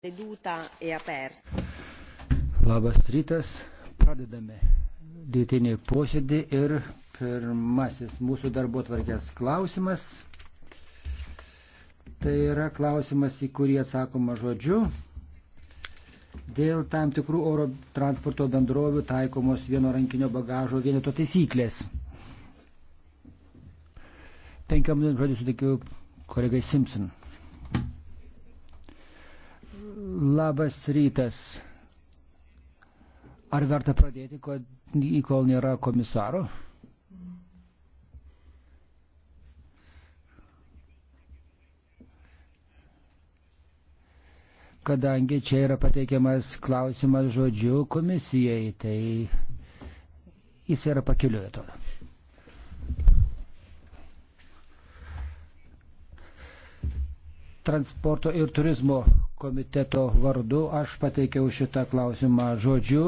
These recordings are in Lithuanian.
Seduta è e aperta. Labas rytas, pradedame dėtinį posėdį ir pirmasis mūsų darbo tvarkės klausimas. Tai yra klausimas, į kurį atsakoma žodžiu. Dėl tam tikrų oro transporto bendrovių taikomos vieno rankinio bagažo vieneto taisyklės. Penkiam minutėm žodį suteikiu kolegai Simpson. Labas rytas. Ar verta pradėti, kol nėra komisaro? Kadangi čia yra pateikiamas klausimas žodžiu komisijai, tai jis yra pakiliuoja atrodo. transporto ir turizmo komiteto vardu aš pateikiau šitą klausimą žodžiu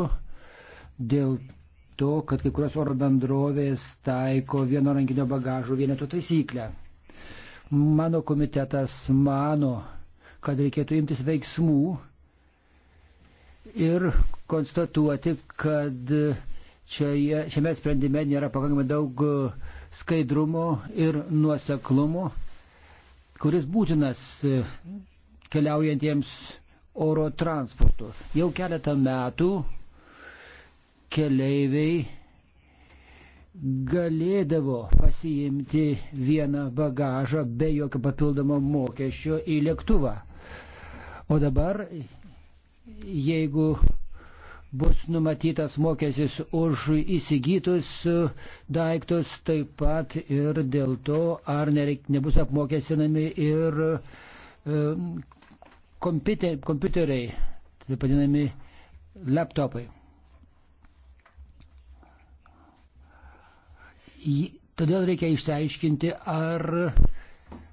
dėl to, kad kai kurios oro bendrovės taiko vieno rankinio bagažo vieneto taisyklę. Mano komitetas mano, kad reikėtų imtis veiksmų ir konstatuoti, kad čia, šiame sprendime nėra pakankamai daug skaidrumo ir nuoseklumo kuris būtinas e, keliaujantiems oro transportu. Jau keletą metų keleiviai galėdavo pasiimti vieną bagažą be jokio papildomo mokesčio į lėktuvą. O dabar, jeigu bus numatytas mokestis už įsigytus e, daiktus, taip pat ir dėl to, ar nereik, nebus apmokestinami ir um, e, kompiuter, kompiuteriai, taip vadinami laptopai. Todėl reikia išsiaiškinti, ar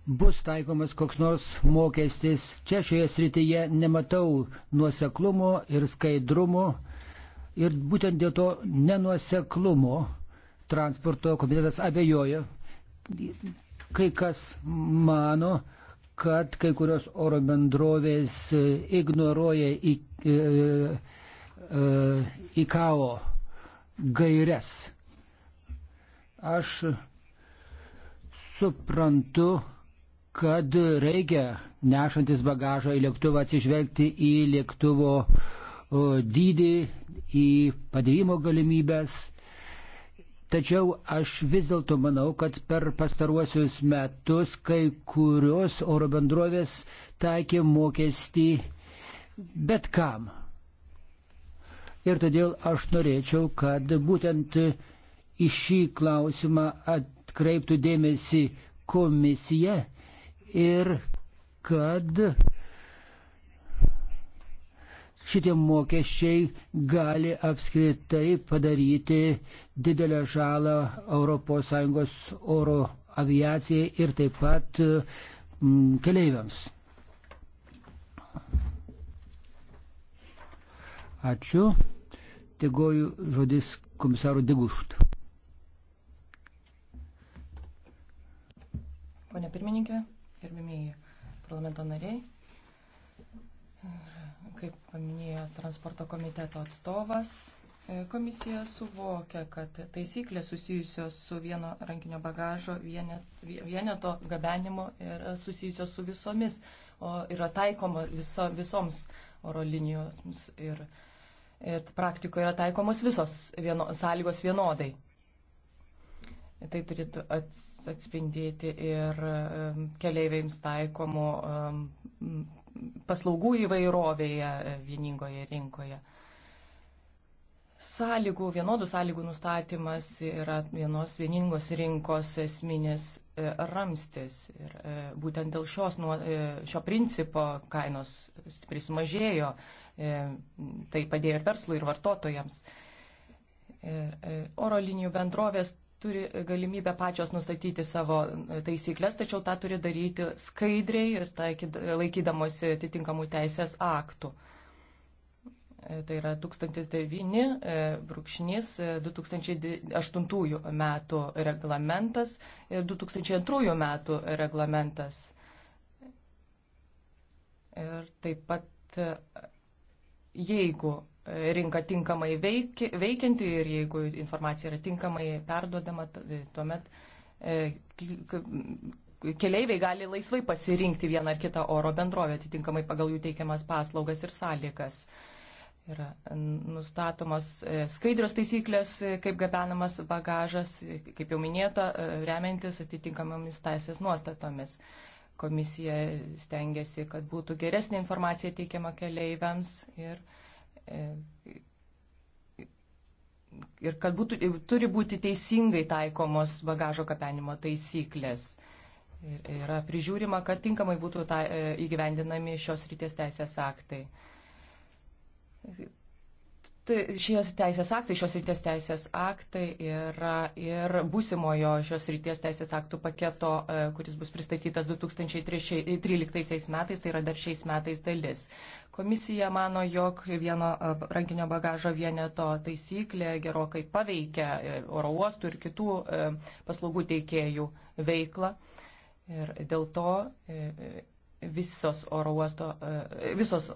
bus taikomas koks nors mokestis. Čia šioje srityje nematau nuoseklumo ir skaidrumo. Ir būtent dėl to nenuoseklumo transporto komitetas abejoja. Kai kas mano, kad kai kurios oro bendrovės e, ignoruoja į, į, e, į, e, IKAO gairias. Aš suprantu, kad reikia nešantis bagažą į lėktuvą atsižvelgti į lėktuvo dydį, į padėjimo galimybės. Tačiau aš vis dėlto manau, kad per pastaruosius metus kai kurios oro bendrovės taikė mokestį bet kam. Ir todėl aš norėčiau, kad būtent į šį klausimą atkreiptų dėmesį komisija ir kad šitie mokesčiai gali apskritai padaryti didelę žalą ES oro aviacijai ir taip pat mm, keleiviams. Ačiū. Tegoju žodis komisaro Degušt. Pone pirmininkė, gerbimieji parlamento nariai. Ir kaip paminėjo transporto komiteto atstovas, e, komisija suvokia, kad taisyklės susijusios su vieno rankinio bagažo vienet, vieneto gabenimu yra susijusios su visomis, o yra taikoma viso, visoms oro linijoms ir, ir praktikoje yra taikomos visos vieno, sąlygos vienodai. Tai turėtų atspindėti ir keliaiviams taikomų paslaugų įvairovėje e, vieningoje rinkoje. Sąlygų, vienodų sąlygų nustatymas yra vienos vieningos rinkos esminis e, ramstis. Ir e, būtent dėl šios, šio principo kainos stipriai sumažėjo. Tai padėjo ir verslui, ir vartotojams. Ir oro linijų bendrovės turi galimybę pačios nustatyti savo e, taisyklės, tačiau tą turi daryti skaidriai ir taikyd, laikydamosi atitinkamų teisės aktų. E, tai yra 1009-2008 e, metų reglamentas ir 2002 metų reglamentas. Ir taip pat jeigu rinka tinkamai veiki, veikianti ir jeigu informacija yra tinkamai perduodama, e, tuomet e, keleiviai gali laisvai pasirinkti vieną ar kitą oro bendrovę atitinkamai pagal jų teikiamas paslaugas ir sąlygas. Yra nustatomas e, skaidrios taisyklės, kaip gabenamas bagažas, kaip jau minėta, remiantis atitinkamomis teisės nuostatomis. Komisija stengiasi, kad būtų geresnė informacija teikiama keleiviams ir uh, ir kad būtų, turi būti teisingai taikomos bagažo kapenimo taisyklės. Ir yra prižiūrima, kad tinkamai būtų ta, e, įgyvendinami šios ryties teisės aktai. Tai šios teisės aktai, šios ryties teisės aktai yra ir būsimojo šios ryties teisės aktų paketo, e, kuris bus pristatytas 2013 metais, tai yra dar šiais metais dalis. Komisija mano, jog vieno e, rankinio bagažo vieneto taisyklė gerokai paveikia e, oro uostų ir kitų e, paslaugų teikėjų veiklą. Ir dėl to visos oro, uosto, visos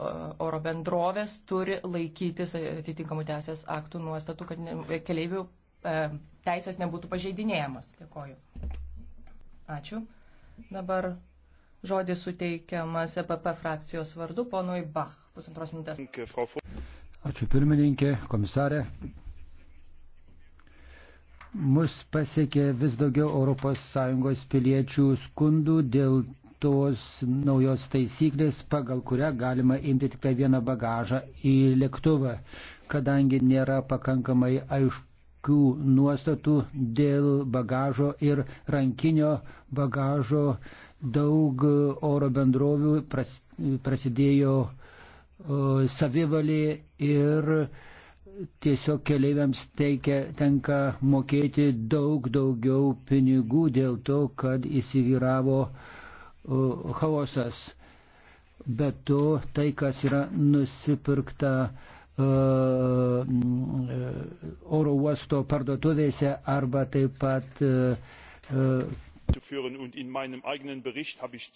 oro bendrovės turi laikytis atitinkamų teisės aktų nuostatų, kad keleivių teisės nebūtų pažeidinėjamos. Dėkoju. Ačiū. Dabar Žodis suteikiamas EPP frakcijos vardu ponui Bach. Pusantros minutės. Ačiū pirmininkė, komisarė. Mus pasiekė vis daugiau ES piliečių skundų dėl tos naujos taisyklės, pagal kurią galima imti tik tai vieną bagažą į lėktuvą, kadangi nėra pakankamai aiškių nuostatų dėl bagažo ir rankinio bagažo daug oro bendrovių pras, prasidėjo savivalė ir tiesiog keliaiviams teikia, tenka mokėti daug daugiau pinigų dėl to, kad įsivyravo chaosas. Bet to tai, kas yra nusipirkta uh, oro uosto parduotuvėse arba taip pat uh, uh,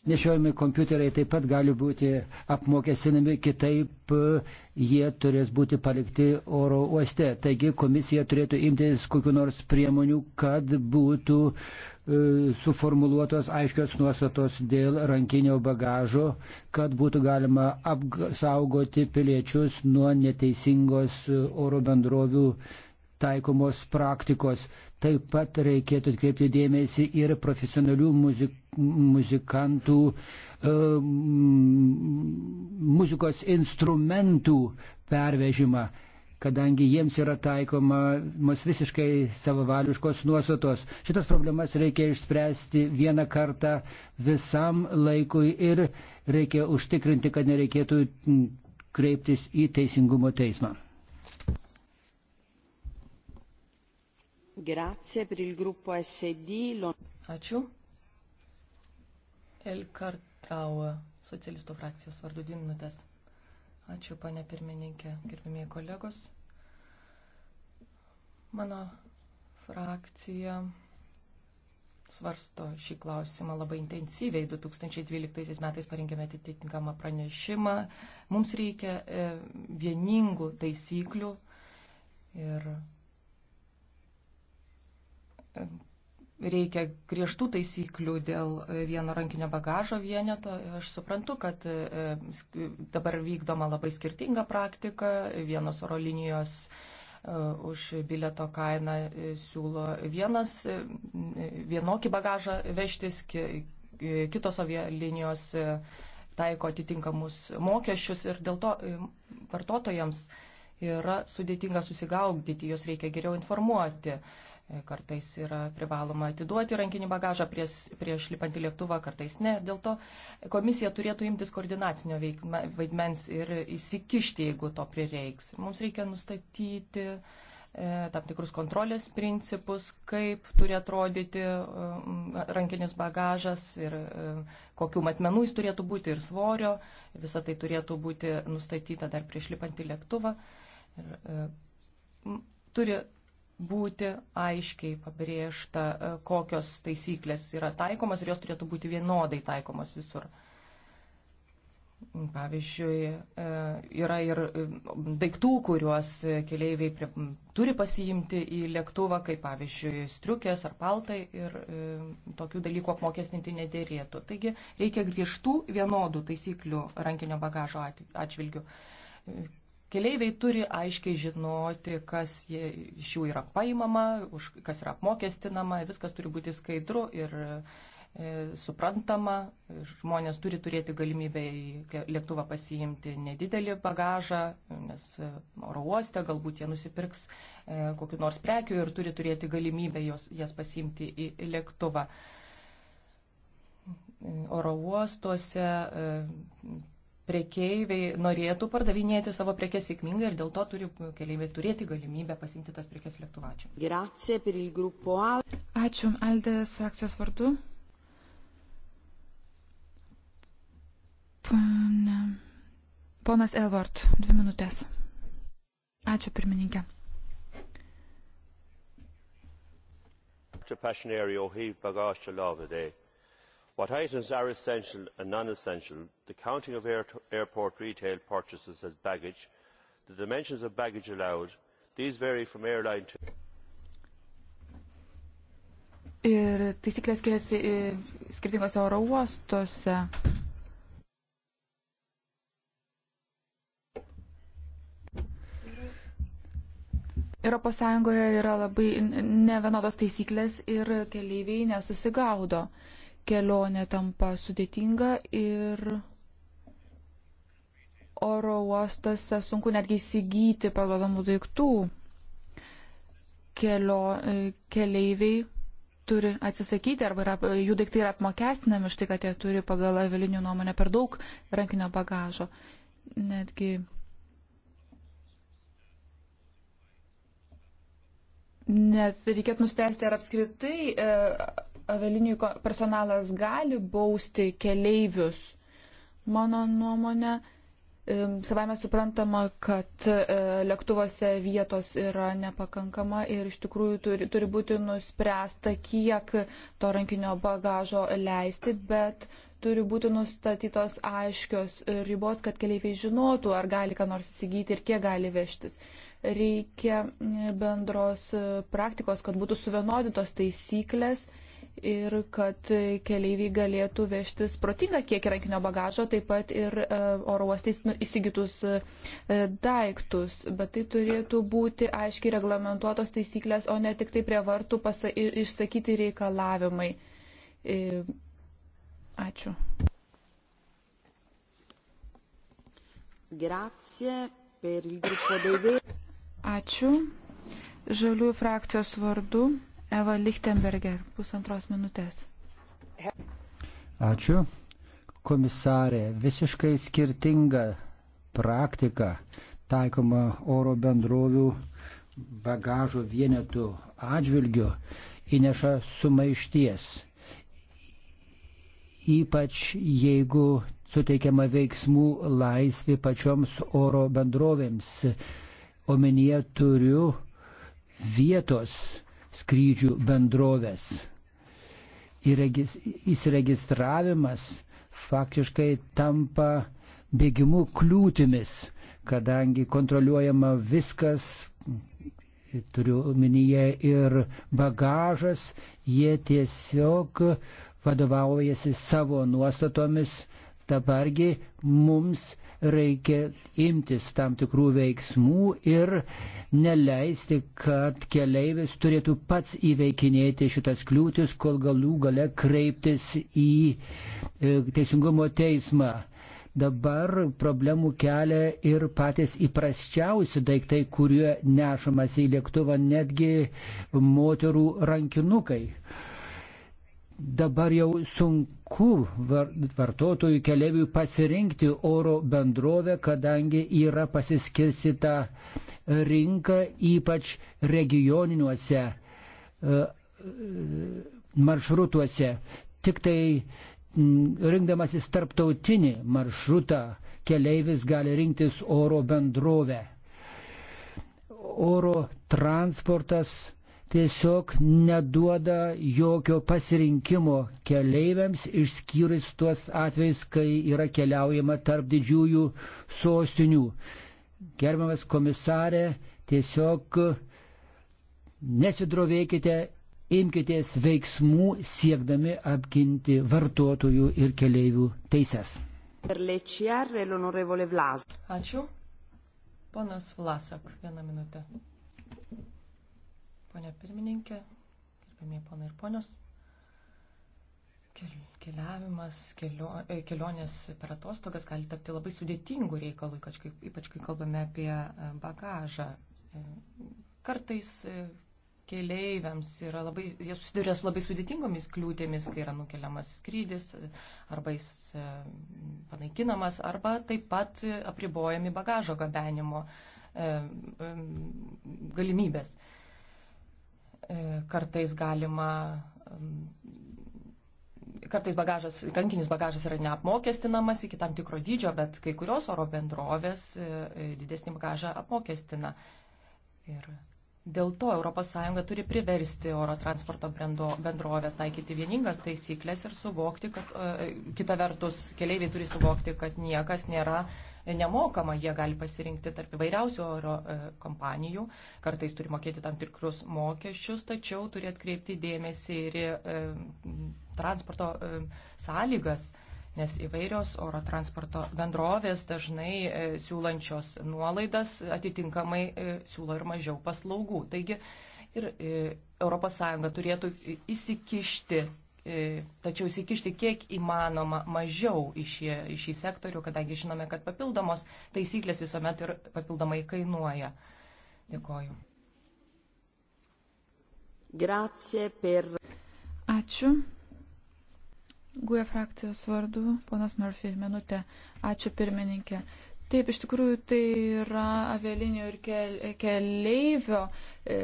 Nešiojami kompiuteriai taip pat gali būti apmokestinami, kitaip e, jie turės būti palikti oro uoste. Taigi komisija turėtų imtis kokiu nors priemonių, kad būtų e, suformuluotos aiškios nuostatos dėl rankinio bagažo, kad būtų galima apsaugoti piliečius nuo neteisingos e, oro bendrovių taikomos praktikos. Taip pat reikėtų atkreipti dėmesį ir profesionalių muzik, muzikantų, e, muzikos instrumentų pervežimą, kadangi jiems yra taikoma mus visiškai savavališkos nuostatos. Šitas problemas reikia išspręsti vieną kartą visam laikui ir reikia užtikrinti, kad nereikėtų kreiptis į teisingumo teismą. Grazie per il gruppo SD. Ačiū. Elkar Trau, socialistų frakcijos vardu dvi minutės. Ačiū, pane pirmininkė, gerbimieji kolegos. Mano frakcija svarsto šį klausimą labai intensyviai. 2012 metais parinkėme atitinkamą pranešimą. Mums reikia e, vieningų taisyklių ir reikia griežtų taisyklių dėl e, vieno rankinio bagažo vieneto. Aš suprantu, kad e, dabar vykdoma labai skirtinga praktika. Vienos oro linijos e, už bileto kainą siūlo vienas, vienokį bagažą vežtis, kitos avialinijos taiko atitinkamus mokesčius ir dėl to vartotojams yra sudėtinga susigaudyti, jos reikia geriau informuoti. E, kartais yra privaloma atiduoti rankinį bagažą prieš, prieš lipant į lėktuvą, kartais ne. Dėl to komisija turėtų imtis koordinacinio veikma, vaidmens ir įsikišti, jeigu to prireiks. Mums reikia nustatyti e, tam tikrus kontrolės principus, kaip turi atrodyti e, rankinis bagažas ir e, kokių matmenų jis turėtų būti ir svorio. Visą tai turėtų būti nustatyta dar prieš lipant į lėktuvą. Ir, e, turi būti aiškiai pabrėžta, e, kokios taisyklės yra taikomos ir jos turėtų būti vienodai taikomos visur. Pavyzdžiui, e, yra ir e, daiktų, kuriuos keleiviai prie, turi pasiimti į lėktuvą, kaip pavyzdžiui, striukės ar paltai ir tokių dalykų apmokestinti nedėrėtų. Taigi reikia griežtų vienodų taisyklių rankinio bagažo atžvilgių Keleiviai turi aiškiai žinoti, kas jie, iš jų yra paimama, už, kas yra apmokestinama, viskas turi būti skaidru ir e, suprantama. Žmonės turi turėti galimybę į lėktuvą pasiimti nedidelį bagažą, nes e, oro uoste galbūt jie nusipirks e, kokiu nors prekiu ir turi turėti galimybę jos, jas pasiimti į, į lėktuvą. E, oro uostuose e, prekeiviai norėtų pardavinėti savo prekes sėkmingai ir dėl to turi keleiviai turėti galimybę pasimti tas prekes lėktuvačiu. Ačiū Aldės frakcijos vardu. Pane. Ponas Elvart, dvi minutės. Ačiū pirmininkė. Čia pašinėjo jau hyv bagažčio lovėdėjai what items are essential and non essential the counting of airport retail purchases as baggage the dimensions of baggage allowed these vary from airline to. Ir taisyklės skiriasi e, skirtingose oro uostuose. Europos Sąjungoje yra labai nevienodos taisyklės ir keleiviai nesusigaudo. Uh, kelionė tampa sudėtinga ir oro uostose sunku netgi įsigyti parduodamų daiktų. Kelio, e, keleiviai turi atsisakyti arba yra, jų daiktai yra apmokestinami už tai, kad jie turi pagal avilinių nuomonę per daug rankinio bagažo. Netgi Net reikėtų nuspręsti, ar apskritai e, avialinijų personalas gali bausti keleivius. Mano nuomonė, savai mes suprantama, kad e, lėktuvose vietos yra nepakankama ir iš tikrųjų turi, turi būti nuspręsta, kiek to rankinio bagažo leisti, bet turi būti nustatytos aiškios ribos, kad keliaiviai žinotų, ar gali ką nors įsigyti ir kiek gali vežtis. Reikia bendros e, praktikos, kad būtų suvienodintos taisyklės ir kad keleiviai galėtų vežtis protingą kiekį rankinio bagažo, taip pat ir e, oro uostais nu, įsigytus e, daiktus. Bet tai turėtų būti aiškiai reglamentuotos taisyklės, o ne tik tai prie vartų pasa, išsakyti reikalavimai. E, ačiū. Ačiū. Žaliųjų frakcijos vardu Eva Lichtenberger, pusantros minutės. Ačiū. Komisarė, visiškai skirtinga praktika taikoma oro bendrovių bagažo vienetų atžvilgiu įneša sumaišties. Ypač jeigu suteikiama veiksmų laisvė pačioms oro bendrovėms. Omenyje turiu vietos skrydžių bendrovės. Įsiregistravimas faktiškai tampa bėgimų kliūtimis, kadangi kontroliuojama viskas, turiu omenyje ir bagažas, jie tiesiog vadovaujasi savo nuostatomis, dabargi mums reikia imtis tam tikrų veiksmų ir neleisti, kad keleivis turėtų pats įveikinėti šitas kliūtis, kol galų gale kreiptis į e, Teisingumo teismą. Dabar problemų kelia ir patys įprasčiausi daiktai, kurie nešamas į lėktuvą, netgi moterų rankinukai dabar jau sunku vartotojui keliaiviui pasirinkti oro bendrovę, kadangi yra pasiskirstyta rinka, ypač regioniniuose e, e, maršrutuose. Tik tai rinkdamasis tarptautinį maršrutą keleivis gali rinktis oro bendrovę. Oro transportas tiesiog neduoda jokio pasirinkimo keleiviams, išskyrus tuos atvejus, kai yra keliaujama tarp didžiųjų sostinių. Gerbiamas komisarė, tiesiog nesidrovėkite, imkitės veiksmų siekdami apginti vartotojų ir keleivių teises. Ačiū. Ponas Vlasak, vieną minutę. Pone pirmininkė, gerbėmė ponai ir ponios, keliavimas, kelio, e, kelionės per atostogas gali tapti labai sudėtingų reikalų, ypač kai, ypač kai kalbame apie e, bagažą. E, kartais keleiviams yra labai, jie susiduria su labai sudėtingomis kliūtėmis, kai yra nukeliamas skrydis, arba jis panaikinamas, arba taip pat apribojami bagažo gabenimo galimybės. E, e, E, kartais galima e, kartais bagažas, rankinis bagažas yra neapmokestinamas iki tam tikro dydžio, bet kai kurios oro bendrovės e, didesnį bagažą apmokestina. Ir dėl to ES turi priversti oro transporto bendrovės taikyti vieningas taisyklės ir suvokti, kad kita vertus keleiviai turi suvokti, kad niekas nėra nemokama, jie gali pasirinkti tarp įvairiausių oro e, kompanijų, kartais turi mokėti tam tikrus mokesčius, tačiau turi atkreipti dėmesį ir e, transporto e, sąlygas nes įvairios oro transporto bendrovės dažnai siūlančios nuolaidas atitinkamai siūlo ir mažiau paslaugų. Taigi ir ES turėtų įsikišti E, tačiau įsikišti kiek įmanoma mažiau į šį, į šį sektorių, kadangi žinome, kad papildomos taisyklės visuomet ir papildomai kainuoja. Dėkoju. Grazie per. Ačiū. Guja e frakcijos vardu, ponas Murphy, minutė. Ačiū pirmininkė. Taip, iš tikrųjų tai yra avialinio ir keleivio e,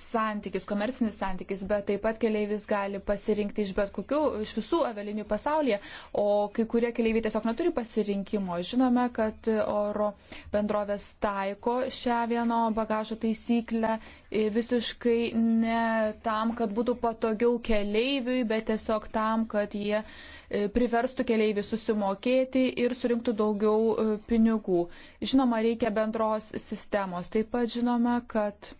santykis, komersinis santykis, bet taip pat keleivis gali pasirinkti iš bet kokių, iš visų avialinių pasaulyje, o kai kurie keleiviai tiesiog neturi pasirinkimo. Žinome, kad oro bendrovės taiko šią vieno bagažo taisyklę visiškai ne tam, kad būtų patogiau keleiviui, bet tiesiog tam, kad jie e, priverstų keleivį susimokėti ir surinktų daugiau e, pinigų. Žinoma, reikia bendros sistemos. Taip pat žinome, kad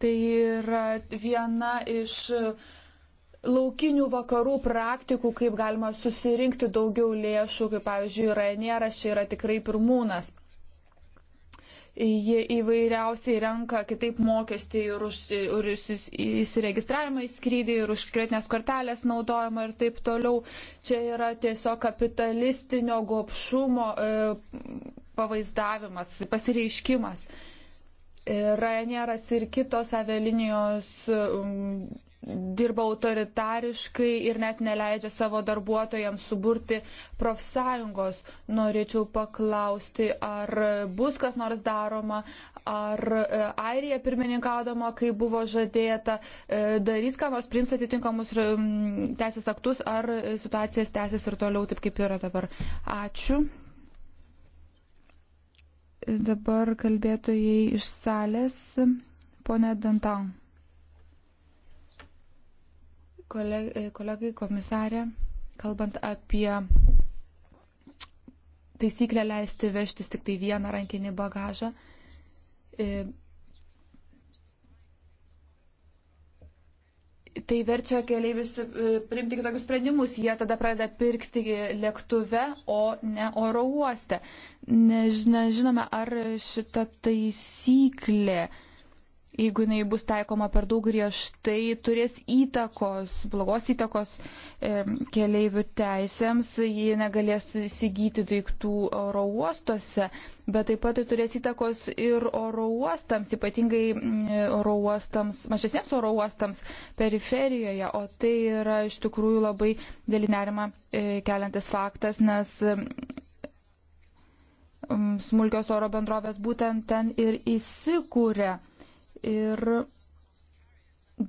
tai yra viena iš e, laukinių vakarų praktikų, kaip galima susirinkti daugiau lėšų, kaip pavyzdžiui, Rainieras čia yra tikrai pirmūnas jie įvairiausiai renka kitaip mokestį ir už, ir įsiregistravimą į skrydį, ir už kretinės kortelės naudojimą ir taip toliau. Čia yra tiesiog kapitalistinio gopšumo e, pavaizdavimas, pasireiškimas. Ryanair ir kitos avialinijos dirba autoritariškai ir net neleidžia savo darbuotojams suburti profsąjungos. Norėčiau paklausti, ar bus kas nors daroma, ar e, Airija pirmininkaudama, kai buvo žadėta, e, darys ką nors, prims atitinkamus e, teisės aktus, ar situacijas tęsis ir toliau taip, kaip yra dabar. Ačiū. Dabar kalbėtojai iš salės, ponė Dantan kolegai komisarė, kalbant apie taisyklę leisti vežtis tik tai vieną rankinį bagažą. E, tai verčia keliaivius e, priimti kitokius sprendimus. Jie tada pradeda pirkti lėktuve, o ne oro uoste. Nežinome, ar šita taisyklė uh, jeigu jinai bus taikoma per daug griežtai, turės įtakos, blogos įtakos e, keleivių teisėms, jie negalės įsigyti daiktų oro uostuose, bet taip pat tai turės įtakos ir oro uostams, ypatingai oro uostams, mažesnėms oro uostams periferijoje, o tai yra iš tikrųjų labai dėl nerima e, keliantis faktas, nes e, smulkios oro bendrovės būtent ten ir įsikūrė ir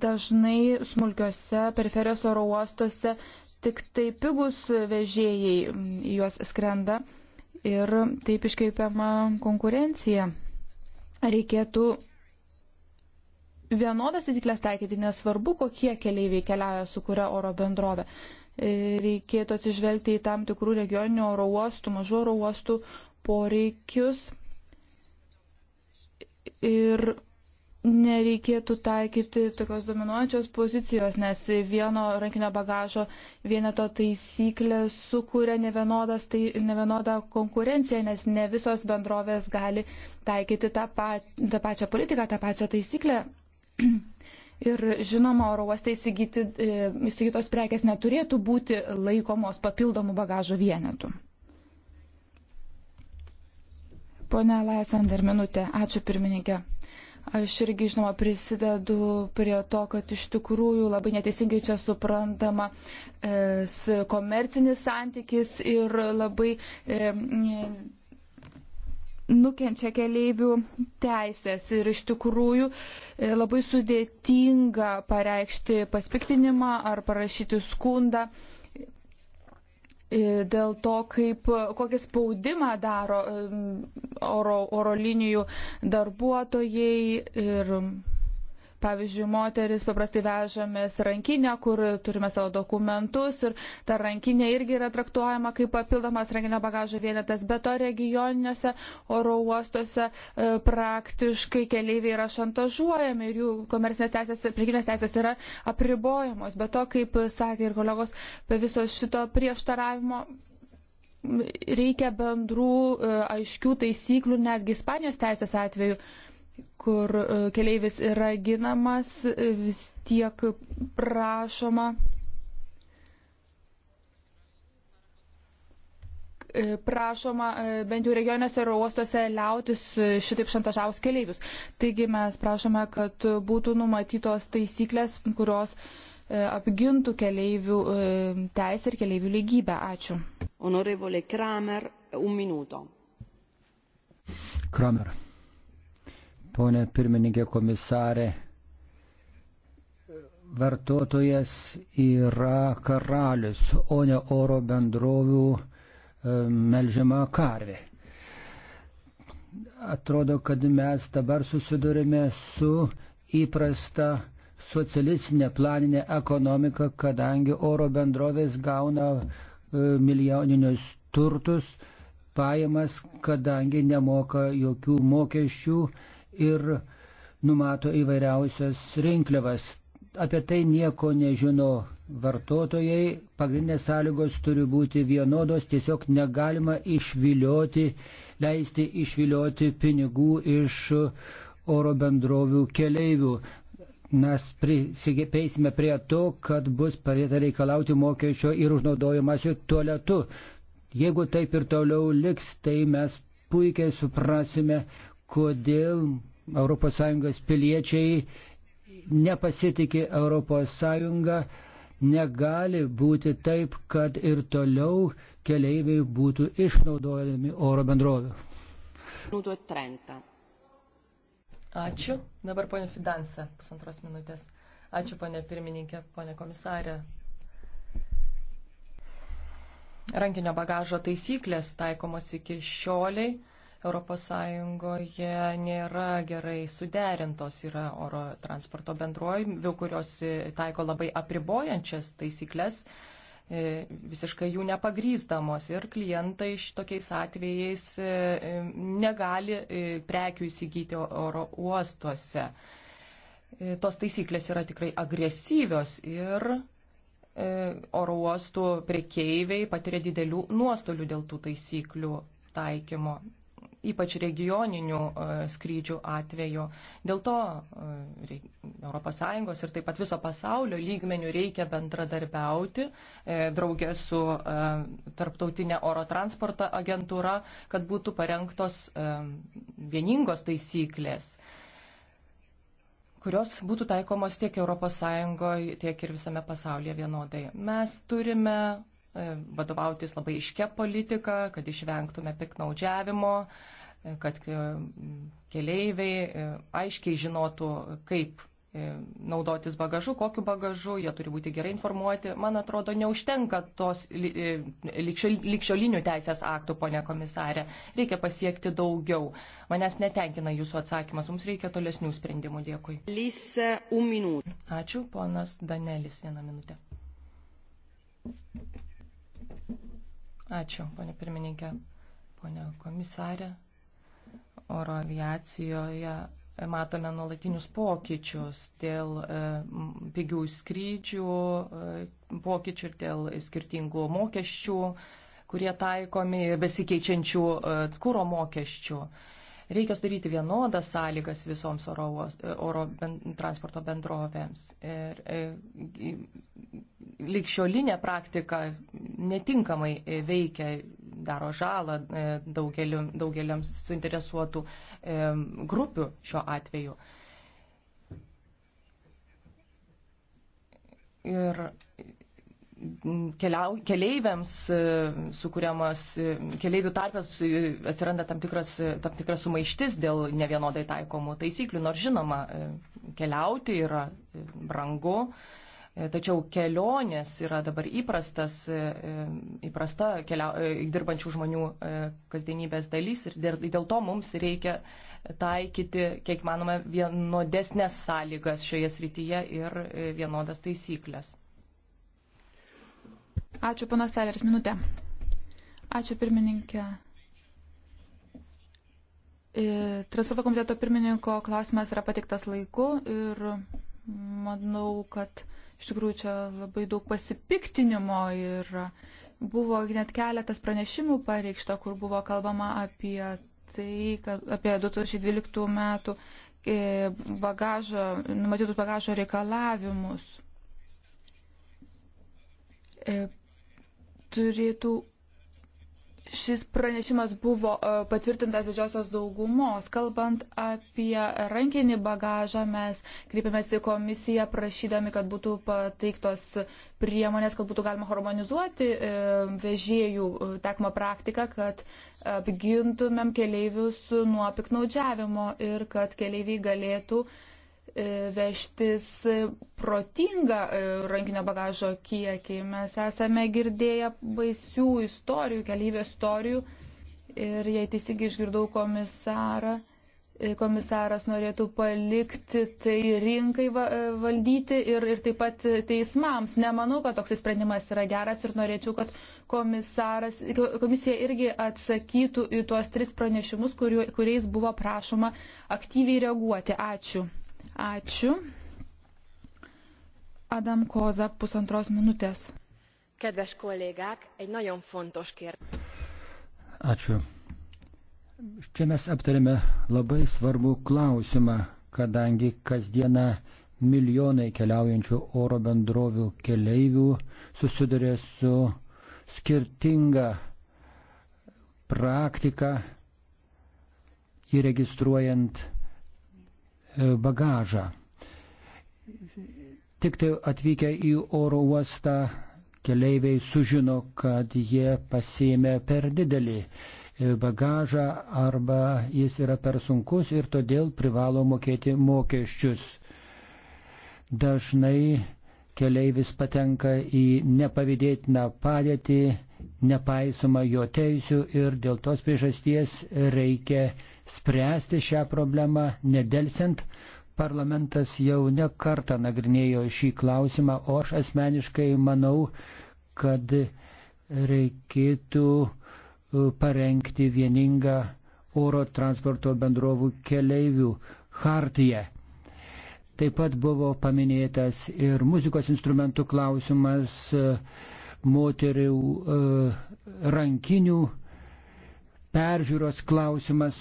dažnai smulkiuose periferijos oro uostuose tik tai pigus vežėjai juos skrenda ir taip iškreipiama konkurencija. Reikėtų vienodas įtiklės taikyti, nesvarbu, kokie keliaiviai keliauja su kuria oro bendrovė. Reikėtų atsižvelgti į tam tikrų regioninių oro uostų, mažų oro uostų poreikius. Ir nereikėtų taikyti tokios dominuojančios pozicijos, nes vieno rankinio bagažo vieneto taisyklė sukuria tai, nevienodą konkurenciją, nes ne visos bendrovės gali taikyti tą, pa, tą pačią politiką, tą pačią taisyklę. Ir žinoma, oro uostai įsigyti, e, įsigytos prekes neturėtų būti laikomos papildomų bagažo vienetų. Pone Laisander, minutė. Ačiū pirmininkė. Aš irgi, žinoma, prisidedu prie to, kad iš tikrųjų labai neteisingai čia suprantama e, komercinis santykis ir labai e, nukenčia keleivių teisės. Ir iš tikrųjų e, labai sudėtinga pareikšti paspiktinimą ar parašyti skundą. E, E, dėl to, kaip, kokį spaudimą daro oro, oro linijų darbuotojai ir Pavyzdžiui, moteris paprastai vežamės rankinę, kur turime savo dokumentus ir ta rankinė irgi yra traktuojama kaip papildomas renginio bagažo vienetas. Be to regioniniuose oro uostuose e, praktiškai keliaiviai yra šantažuojami ir jų komercinės teisės, prekinės teisės yra apribojamos. Be to, kaip sakė ir kolegos, be viso šito prieštaravimo reikia bendrų e, aiškių taisyklių netgi Ispanijos teisės atveju kur e, keleivis yra ginamas, e, vis tiek prašoma e, prašoma bent jau regioniuose ir uostuose liautis šitaip šantažavus keleivius. Taigi mes prašome, kad būtų numatytos taisyklės, kurios apgintų keleivių teisę ir keleivių lygybę. Ačiū. Honorevole Kramer, un minuto. Kramer ponė pirmininkė komisarė. Vartotojas yra karalius, o ne oro bendrovių e, melžiama karvė. Atrodo, kad mes dabar susidurime su įprasta socialistinė planinė ekonomika, kadangi oro bendrovės gauna e, milijoninius turtus, pajamas, kadangi nemoka jokių mokesčių, ir numato įvairiausias rinkliavas. Apie tai nieko nežino vartotojai. Pagrindinės sąlygos turi būti vienodos, tiesiog negalima išvilioti, leisti išvilioti pinigų iš oro bendrovių keleivių. Mes prisigepeisime prie to, kad bus pradėta reikalauti mokesčio ir užnaudojimasi tualetu. Jeigu taip ir toliau liks, tai mes puikiai suprasime, kodėl ES piliečiai nepasitikė ES, negali būti taip, kad ir toliau keleiviai būtų išnaudojami oro bendrovių. Ačiū. Dabar ponė Fidansa, pusantros minutės. Ačiū ponė pirmininkė, ponė komisarė. Rankinio bagažo taisyklės taikomos iki šioliai ES nėra gerai suderintos. Yra oro transporto bendrovių, kurios e, taiko labai apribojančias taisyklės e, visiškai jų nepagrysdamos ir klientai šitokiais atvejais e, negali prekių įsigyti oro uostuose. Tos taisyklės yra tikrai agresyvios ir oro uostų prekeiviai patiria didelių nuostolių dėl tų taisyklių taikymo ypač regioninių e, skrydžių atveju. Dėl to ES ir taip pat viso pasaulio lygmenių reikia bendradarbiauti e, draugė su e, Tarptautinė oro transporto agentūra, kad būtų parengtos vieningos taisyklės kurios būtų taikomos tiek ES, tiek ir visame pasaulyje vienodai. Mes turime E, vadovautis labai iškia politika, kad išvengtume piknaudžiavimo, e, kad e, keleiviai aiškiai žinotų, kaip naudotis bagažu, kokiu bagažu, jie turi būti gerai informuoti. Man atrodo, neužtenka tos likščiolinių teisės aktų, ponė komisarė. Reikia pasiekti daugiau. Manęs netenkina jūsų atsakymas. Mums reikia tolesnių sprendimų. Dėkui. Lisa, un minut. Ačiū, ponas Danelis, vieną minutę. Ačiū, ponė pirmininkė, ponė komisarė. Oro aviacijoje e, matome nuolatinius pokyčius dėl e, pigių skrydžių, e, pokyčių ir dėl skirtingų mokesčių, kurie taikomi besikeičiančių kūro mokesčių. Reikia sudaryti vienodas sąlygas visoms oro, e, oro ben, transporto bendrovėms. Ir, e, ir, likščiolinė praktika netinkamai e, veikia, daro žalą daugeliu, daugeliams suinteresuotų grupių šiuo atveju. Ir keliau, keleiviams e, sukūriamas, e, keleivių tarpės e, atsiranda tam tikras, tam tikras sumaištis dėl nevienodai taikomų taisyklių, nors žinoma, keliauti yra brangu. Tačiau kelionės yra dabar įprastas, įprasta kelia, dirbančių žmonių kasdienybės dalys ir dėl to mums reikia taikyti, kiek manoma, vienodesnės sąlygas šioje srityje ir vienodas taisyklės. Ačiū, panas Seleris, minutė. Ačiū, pirmininkė. E, transporto komiteto pirmininko klausimas yra patiktas laiku ir manau, kad iš tikrųjų čia labai daug pasipiktinimo ir buvo net keletas pranešimų pareikšta, kur buvo kalbama apie tai, kad apie 2012 metų e, bagažo, numatytus bagažo reikalavimus. E, turėtų. Šis pranešimas buvo e, patvirtintas didžiosios daugumos. Kalbant apie rankinį bagažą, mes kreipėmės į komisiją prašydami, kad būtų pateiktos priemonės, kad būtų galima harmonizuoti e, vežėjų e, tekmo praktiką, kad apgintumėm keleivius nuo piknaudžiavimo ir kad keleiviai galėtų uh, E, vežtis protingą e, rankinio bagažo kiekį. Mes esame girdėję baisių istorijų, keliaivių istorijų. Ir jei teisingai išgirdau komisarą, e, komisaras norėtų palikti tai rinkai valdyti ir, ir taip pat teismams. Nemanau, kad toks sprendimas yra geras ir norėčiau, kad komisija irgi atsakytų į tuos tris pranešimus, kuriu, kuriais buvo prašoma aktyviai reaguoti. Ačiū. Ačiū. Adam Koza, pusantros minutės. Kedves kollégák, egy nagyon fontos kérdés. Ačiū. Čia mes aptarėme labai svarbų klausimą, kadangi kasdieną milijonai keliaujančių oro bendrovių keleivių susiduria su skirtinga praktika įregistruojant bagažą. Tik tai atvykę į oro uostą keleiviai sužino, kad jie pasėmė per didelį bagažą arba jis yra per sunkus ir todėl privalo mokėti mokesčius. Dažnai keleivis patenka į nepavydėtiną padėtį, nepaisoma jo teisių ir dėl tos priežasties reikia spręsti šią problemą nedelsiant. Parlamentas jau ne kartą nagrinėjo šį klausimą, o aš asmeniškai manau, kad reikėtų e, parengti vieningą oro transporto bendrovų keleivių hartiją. Taip pat buvo paminėtas ir muzikos instrumentų klausimas, e, moterių e, rankinių peržiūros klausimas.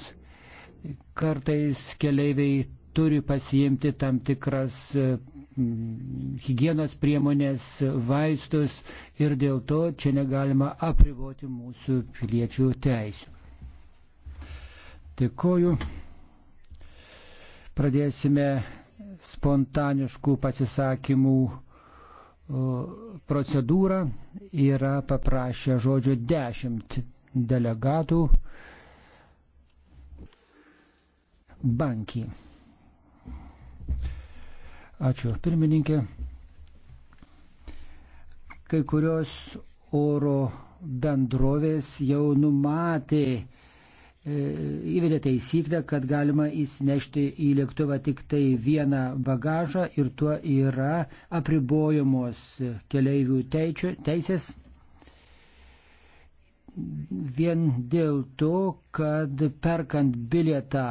Kartais keleiviai turi pasiimti tam tikras e, hygienos priemonės, vaistus ir dėl to čia negalima apriboti mūsų piliečių teisų. Dėkoju. Pradėsime spontaniškų pasisakymų procedūrą yra paprašę žodžio dešimt delegatų bankį. Ačiū pirmininkė. Kai kurios oro bendrovės jau numatė įvedė taisyklę, kad galima įsinešti į lėktuvą tik tai vieną bagažą ir tuo yra apribojamos keleivių teičių, teisės. Vien dėl to, kad perkant bilietą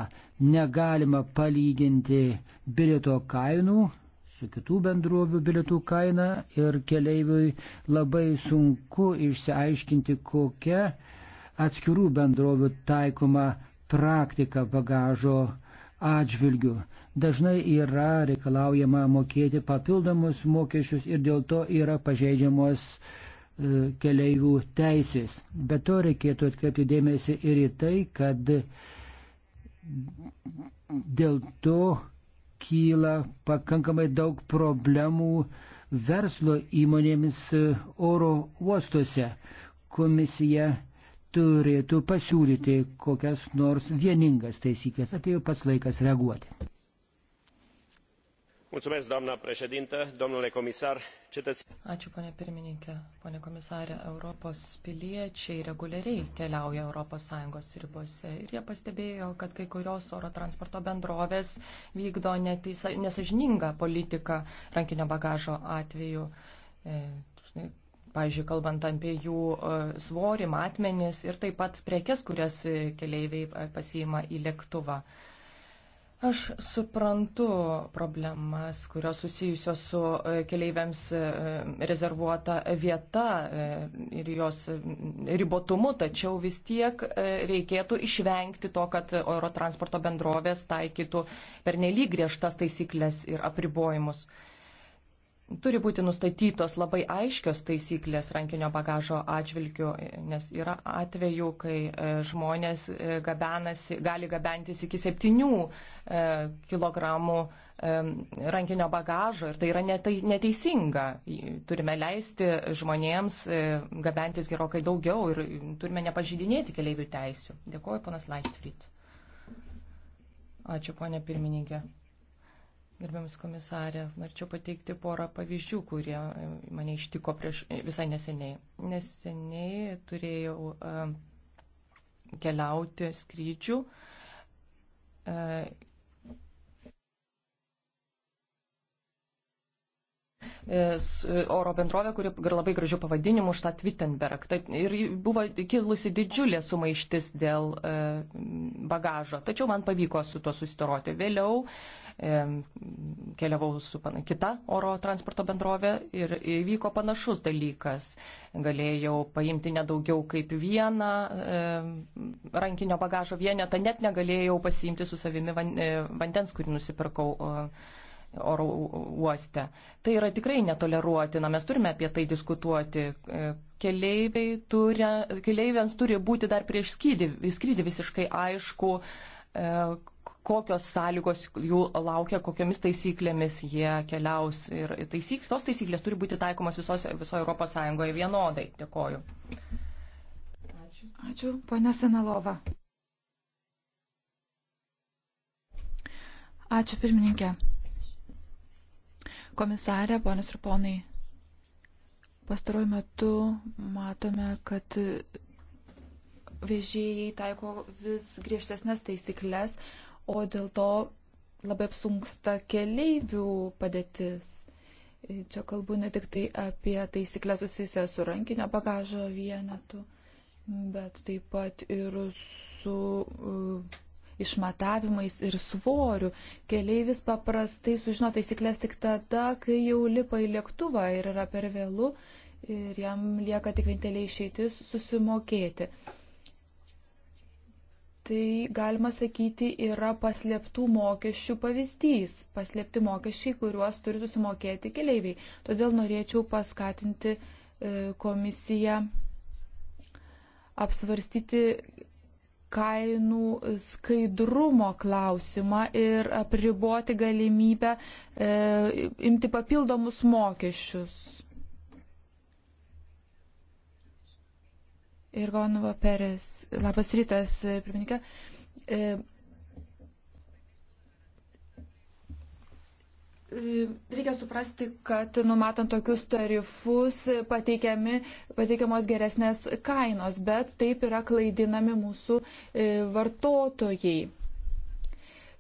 negalima palyginti bilieto kainų su kitų bendrovių bilietų kaina ir keleiviui labai sunku išsiaiškinti, kokia atskirų bendrovių taikoma praktika bagažo atžvilgių. Dažnai yra reikalaujama mokėti papildomus mokesčius ir dėl to yra pažeidžiamos e, keleivių teisės. Be to reikėtų atkreipti dėmesį ir į tai, kad dėl to kyla pakankamai daug problemų verslo įmonėmis e, oro uostuose. Komisija turėtų pasiūlyti kokias nors vieningas taisyklės. Atėjo pats laikas reaguoti. Mulțumesc, doamna președintă, domnule comisar, cetățenii. Ačiū, ponė pirmininkė, ponė komisarė. Europos piliečiai reguliariai keliauja ES ribose ir jie pastebėjo, kad kai kurios oro transporto bendrovės vykdo nesažiningą politiką rankinio bagažo atveju. E, pavyzdžiui, kalbant apie jų e, svorį, matmenis ir taip pat prekes, kurias e, keleiviai e, pasiima į lėktuvą. Aš suprantu problemas, kurios susijusios su keleiviams rezervuota vieta ir jos ribotumu, tačiau vis tiek reikėtų išvengti to, kad oro transporto bendrovės taikytų pernelyg griežtas taisyklės ir apribojimus turi būti nustatytos labai aiškios taisyklės rankinio bagažo atžvilgiu, nes yra atvejų, kai e, žmonės e, gabenasi, gali gabentis iki 7 e, kg rankinio bagažo ir tai yra neteisinga. Turime leisti žmonėms gabentis gerokai daugiau ir turime nepažydinėti keliaivių teisių. Dėkuoju, ponas Leichtfried. Ačiū, ponė pirmininkė. Gerbiamas komisarė, norėčiau pateikti porą pavyzdžių, kurie mane ištiko prieš, visai neseniai. Neseniai turėjau uh, keliauti skrydžių uh, E, e, oro bendrovė, kuri labai gražių pavadinimų štat Wittenberg. Taip, ir buvo kilusi didžiulė sumaištis dėl e, bagažo. Tačiau man pavyko su tuo susitoroti. Vėliau keliavau su kita oro transporto bendrovė ir įvyko panašus dalykas. Galėjau paimti nedaugiau kaip vieną rankinio bagažo vienetą, net negalėjau pasiimti su savimi vandens, kurį nusipirkau oro uoste. Tai yra tikrai netoleruotina, mes turime apie tai diskutuoti. E, turi, keleiviams turi būti dar prieš skydį, skrydį visiškai aišku, e, kokios sąlygos jų laukia, kokiamis taisyklėmis jie keliaus. Ir taisyk, tos taisyklės turi būti taikomas visos, viso Europos Sąjungoje vienodai. Dėkoju. Ačiū. Ačiū, ponia Senalova. Ačiū, pirmininkė. Komisarė, ponis ir ponai, pastaruoju metu matome, kad vežėjai taiko vis griežtesnės taisyklės, o dėl to labai apsunksta keleivių padėtis. Čia kalbu ne tik tai apie taisyklę susijusią su rankinio bagažo vienetu, bet taip pat ir su uh, išmatavimais ir svoriu. Keleivis paprastai sužino taisyklės tik tada, kai jau lipa į lėktuvą ir yra per vėlų ir jam lieka tik vienintelė išeitis susimokėti. Tai galima sakyti yra paslėptų mokesčių pavyzdys, paslėpti mokesčiai, kuriuos turi susimokėti keleiviai. Todėl norėčiau paskatinti e, komisiją apsvarstyti kainų skaidrumo klausimą ir apriboti galimybę e, imti papildomus mokesčius. Ir Gonova Peres, labas rytas, pirmininkė. E, Reikia suprasti, kad numatant tokius tarifus pateikiamos geresnės kainos, bet taip yra klaidinami mūsų e, vartotojai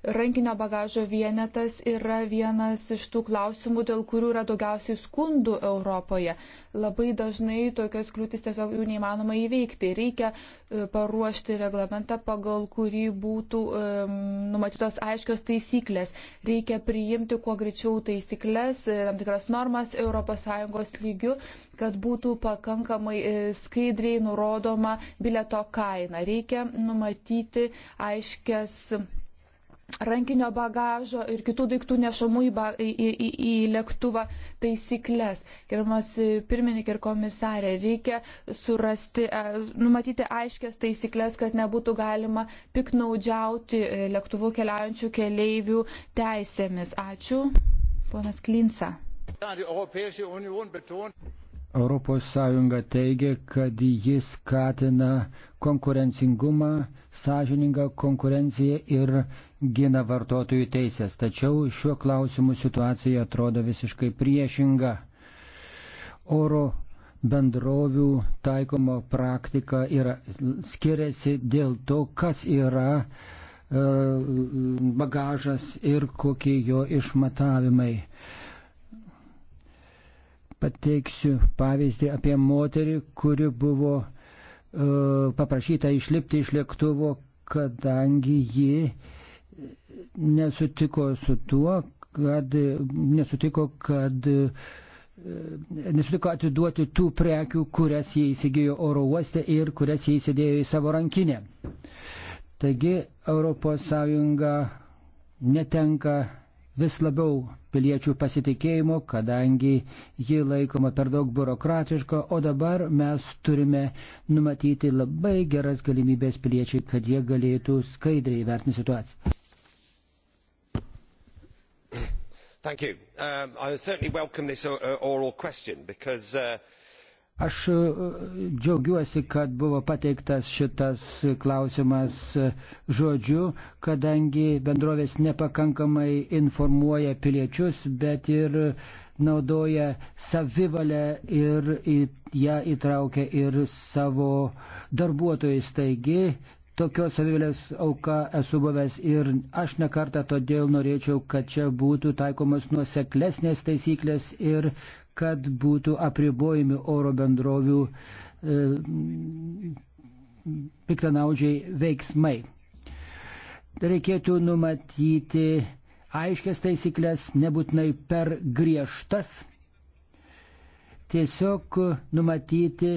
rankinio bagažo vienetas yra vienas iš tų klausimų, dėl kurių yra daugiausiai skundų Europoje. Labai dažnai tokios kliūtis tiesiog jų neįmanoma įveikti. Reikia e, paruošti reglamentą, pagal kurį būtų um, numatytos aiškios taisyklės. Reikia priimti kuo greičiau taisyklės, e, tam tikras normas ES lygių, kad būtų pakankamai skaidriai nurodoma bileto kaina. Reikia numatyti aiškias rankinio bagažo ir kitų daiktų nešamų į, ba, į, į, į lėktuvą taisyklės. Gerbiamas e, pirmininkė ir komisarė, reikia surasti, e, numatyti aiškias taisyklės, kad nebūtų galima piknaudžiauti e, lėktuvų keliaujančių keleivių teisėmis. Ačiū, ponas Klinsa. ES teigia, kad jis skatina konkurencingumą, sąžiningą konkurenciją ir gina vartotojų teisės. Tačiau šiuo klausimu situacija atrodo visiškai priešinga. Oro bendrovių taikoma praktika yra, skiriasi dėl to, kas yra e, bagažas ir kokie jo išmatavimai. E, Pateiksiu pavyzdį apie moterį, kuri buvo e, paprašyta išlipti iš lėktuvo, kadangi ji nesutiko su tuo, kad nesutiko, kad e, nesutiko atiduoti tų prekių, kurias jie įsigijo oro uoste ir kurias jie įsidėjo į savo rankinę. Taigi ES netenka vis labiau piliečių pasitikėjimo, kadangi ji laikoma per daug biurokratiška, o dabar mes turime numatyti labai geras galimybės piliečiai, kad jie galėtų skaidriai vertinti situaciją. Thank you. Um, I certainly welcome this uh, uh, oral question because uh, Aš e, džiaugiuosi, kad buvo pateiktas šitas klausimas e, žodžiu, kadangi bendrovės nepakankamai informuoja piliečius, bet ir naudoja savivalę ir į ją įtraukia ir savo darbuotojus. Taigi, tokios savivalės auka esu buvęs ir aš nekartą todėl norėčiau, kad čia būtų taikomas nuoseklesnės taisyklės ir kad būtų apribojami oro bendrovių e, piktanaužiai veiksmai. Reikėtų numatyti aiškias taisyklės, nebūtinai per griežtas, tiesiog numatyti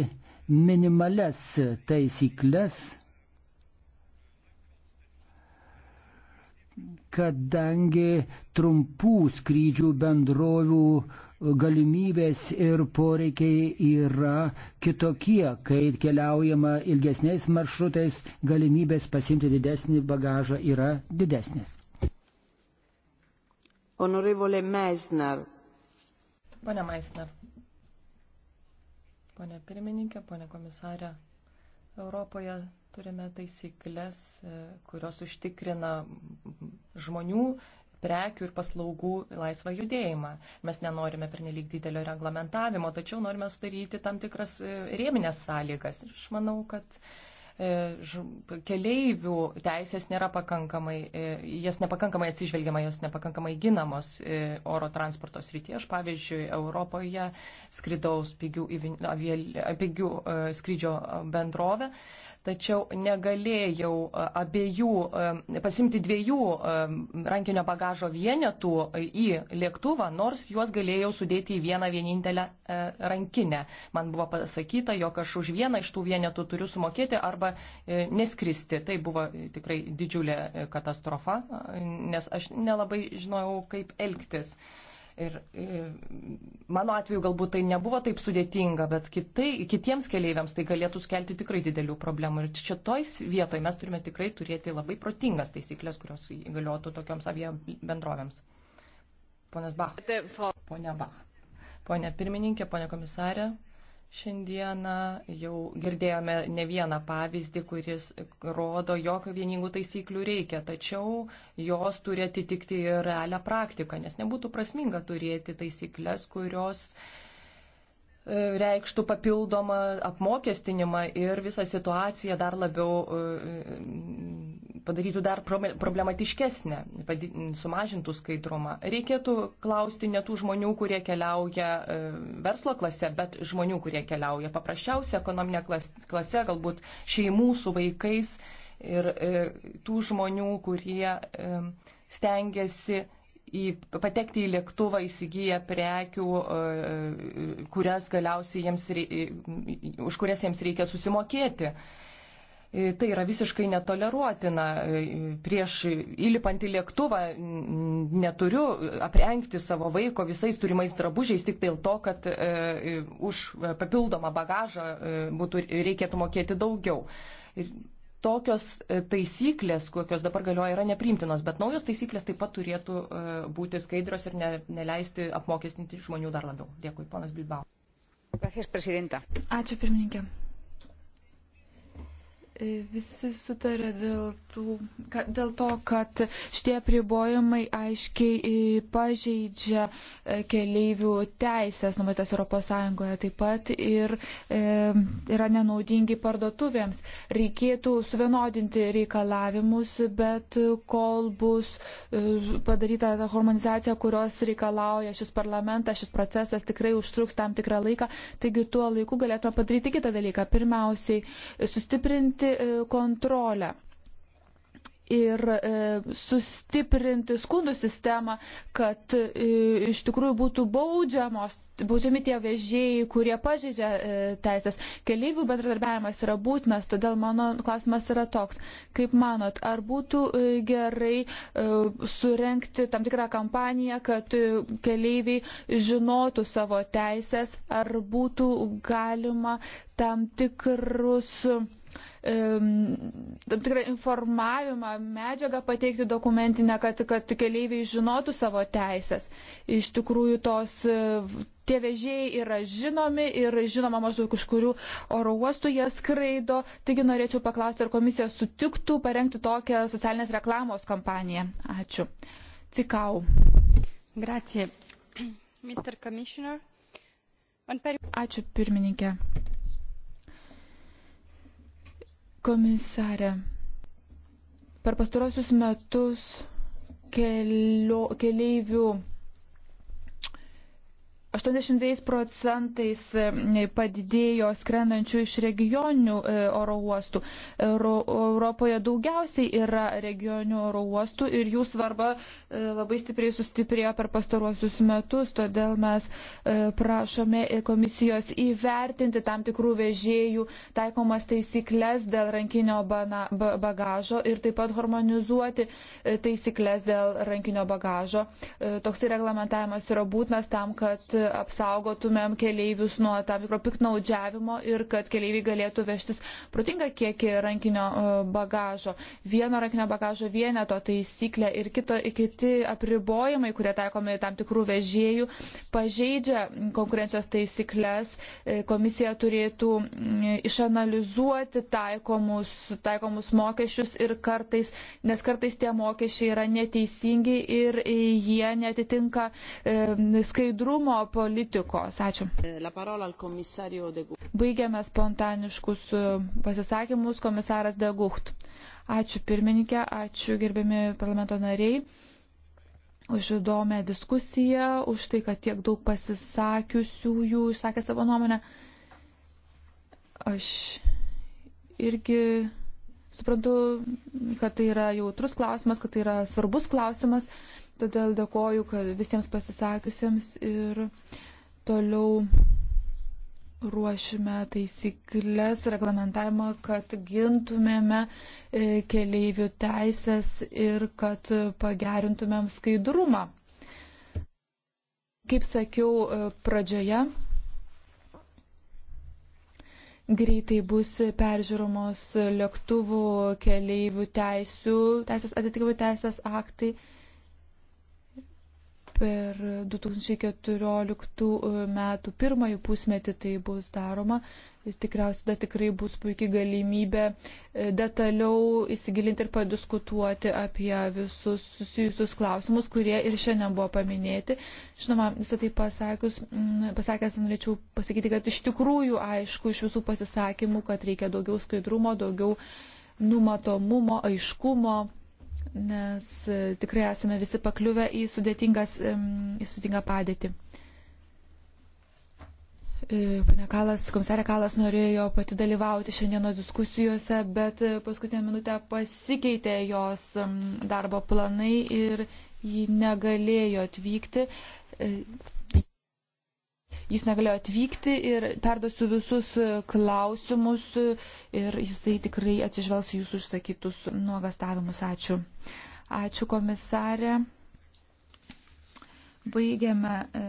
minimales taisyklės, kadangi trumpų skrydžių bendrovių galimybės ir poreikiai yra kitokie, kai keliaujama ilgesniais maršrutais, galimybės pasimti didesnį bagažą yra didesnės. Honorevole Meisner. Pone Meisner. Pone pirmininkė, pone komisarė. Europoje turime taisyklės, e, kurios užtikrina žmonių prekių ir paslaugų laisvą judėjimą. Mes nenorime pernelyg didelio reglamentavimo, tačiau norime sudaryti tam tikras e, rėminės sąlygas. Ir aš manau, kad e, keleivių teisės nėra pakankamai, e, jas nepakankamai atsižvelgiama, jos nepakankamai ginamos oro transporto srityje. Aš, pavyzdžiui, Europoje skridau pigių, pigių skrydžio bendrovę tačiau negalėjau e, abiejų, e, pasimti dviejų e, rankinio bagažo vienetų į lėktuvą, nors juos galėjau sudėti į vieną vienintelę rankinę. Man buvo pasakyta, jog aš už vieną iš tų vienetų turiu sumokėti arba neskristi. Tai buvo tikrai didžiulė katastrofa, nes aš nelabai žinojau, kaip elgtis. Ir, ir e, mano atveju galbūt tai nebuvo taip sudėtinga, bet kitai, kitiems keleiviams tai galėtų sukelti tikrai didelių problemų. Ir šitoj vietoje mes turime tikrai turėti labai protingas taisyklės, kurios galiotų tokioms avia bendrovėms. Ponas Bach. Pone Bach. Pone pirmininkė, pone komisarė, Šiandieną jau girdėjome ne vieną pavyzdį, kuris rodo, jog vieningų taisyklių reikia, tačiau jos turi atitikti ir realią praktiką, nes nebūtų prasminga turėti taisyklės, kurios uh, reikštų papildomą apmokestinimą ir visą situaciją dar labiau e, padarytų dar problematiškesnę, sumažintų skaidrumą. Reikėtų klausti ne tų žmonių, kurie keliauja e, verslo klase, bet žmonių, kurie keliauja paprasčiausia ekonominė klase, galbūt šeimų su vaikais ir e, tų žmonių, kurie stengiasi į, patekti į lėktuvą įsigiję prekių, e, e, kurias galiausiai jiems, e, už kurias jiems reikia susimokėti. Tai yra visiškai netoleruotina. Prieš įlipant į lėktuvą neturiu aprengti savo vaiko visais turimais drabužiais tik dėl to, kad už papildomą bagažą būtų, reikėtų mokėti daugiau. Ir tokios e, taisyklės, kokios dabar galioja, yra nepriimtinos, bet naujos taisyklės taip pat turėtų e, būti skaidrios ir ne, neleisti apmokestinti žmonių dar labiau. Dėkui, ponas Bilbao. Gracias, Ačiū, pirmininkė. Visi sutarė dėl, tų, kad, dėl to, kad šitie pribojimai aiškiai pažeidžia e, keleivių teisės numatytas ES, taip pat ir e, yra nenaudingi parduotuvėms. Reikėtų suvienodinti reikalavimus, bet kol bus e, padaryta ta harmonizacija, kurios reikalauja šis parlamentas, šis procesas tikrai užtruks tam tikrą laiką, taigi tuo laiku galėtume padaryti kitą dalyką. Pirmiausiai sustiprinti stiprinti e, kontrolę ir e, sustiprinti skundų sistemą, kad e, iš tikrųjų būtų baudžiamos, baudžiami tie vežėjai, kurie pažeidžia teisės. Keleivių bendradarbiavimas yra būtinas, todėl mano klausimas yra toks. Kaip manot, ar būtų gerai surenkti tam tikrą kampaniją, kad keleiviai žinotų savo teisės, ar būtų galima tam tikrus tam tikrą informavimą, medžiagą pateikti dokumentinę, kad, kad keleiviai žinotų savo teisės. Iš tikrųjų, tos, tie vežėjai yra žinomi ir žinoma maždaug iš kurių oro uostų jie skraido. Taigi norėčiau paklausti, ar komisija sutiktų parengti tokią socialinės reklamos kampaniją. Ačiū. Cikau. Grazie. Mr. Commissioner. Ačiū pirmininkė. Komisarė, per pastarosius metus kelio, keleivių 82 procentais e, padidėjo skrendančių iš regioninių e, oro uostų. Euro, Europoje daugiausiai yra regioninių oro uostų ir jų svarba e, labai stipriai sustiprėjo per pastaruosius metus, todėl mes prašome komisijos įvertinti tam tikrų vežėjų taikomas taisyklės dėl rankinio bagažo ir taip pat harmonizuoti taisyklės dėl rankinio bagažo. Toksai reglamentavimas yra būtinas tam, kad apsaugotumėm keleivius nuo tam tikro piknaudžiavimo ir kad keleiviai galėtų vežtis protingą kiekį rankinio e, bagažo. Vieno rankinio bagažo vieneto taisyklė ir kito, kiti apribojimai, kurie taikomi tam tikrų vežėjų, pažeidžia konkurencijos taisyklės. E, komisija turėtų išanalizuoti taikomus, taikomus mokesčius ir kartais, nes kartais tie mokesčiai yra neteisingi ir jie netitinka e, skaidrumo politikos. Ačiū. Baigiame spontaniškus e, pasisakymus komisaras Degucht. Ačiū pirmininkė, ačiū gerbiami parlamento nariai už įdomią diskusiją, už tai, kad tiek daug pasisakiusiųjų išsakė savo nuomonę. Aš irgi suprantu, kad tai yra jautrus klausimas, kad tai yra svarbus klausimas. Todėl dėkoju visiems pasisakiusiems ir toliau ruošime taisyklės, reglamentavimą, kad gintumėme e, keleivių teisės ir kad pagerintumėm skaidrumą. Kaip sakiau e, pradžioje, greitai bus peržiūromos lėktuvų keleivių teisų, teisės atitikimų teisės aktai Per 2014 e, metų pirmąjį pusmetį tai bus daroma. Tikriausiai tada tikrai bus puikiai galimybė e, detaliau įsigilinti ir padiskutuoti apie visus susijusius klausimus, kurie ir šiandien buvo paminėti. Žinoma, visą tai pasakius, pasakęs, norėčiau pasakyti, kad iš tikrųjų aišku iš visų pasisakymų, kad reikia daugiau skaidrumo, daugiau numatomumo, aiškumo nes e, tikrai esame visi pakliuvę į, į sudėtingą padėtį. Pane Kalas, komisarė Kalas norėjo pati dalyvauti šiandienos diskusijose, bet e, paskutinę minutę pasikeitė jos darbo planai ir ji negalėjo atvykti. E, Jis negalėjo atvykti ir perduosiu visus e, klausimus e, ir jisai tikrai atsižvelgs jūsų išsakytus nuogastavimus. Ačiū. Ačiū komisarė. Baigiame e,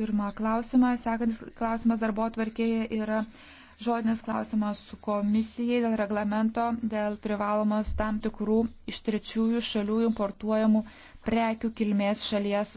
pirmą klausimą. Sekantis klausimas darbo atvarkėje yra žodinis klausimas su komisijai dėl reglamento, dėl privalomos tam tikrų iš trečiųjų šalių importuojamų prekių kilmės šalies.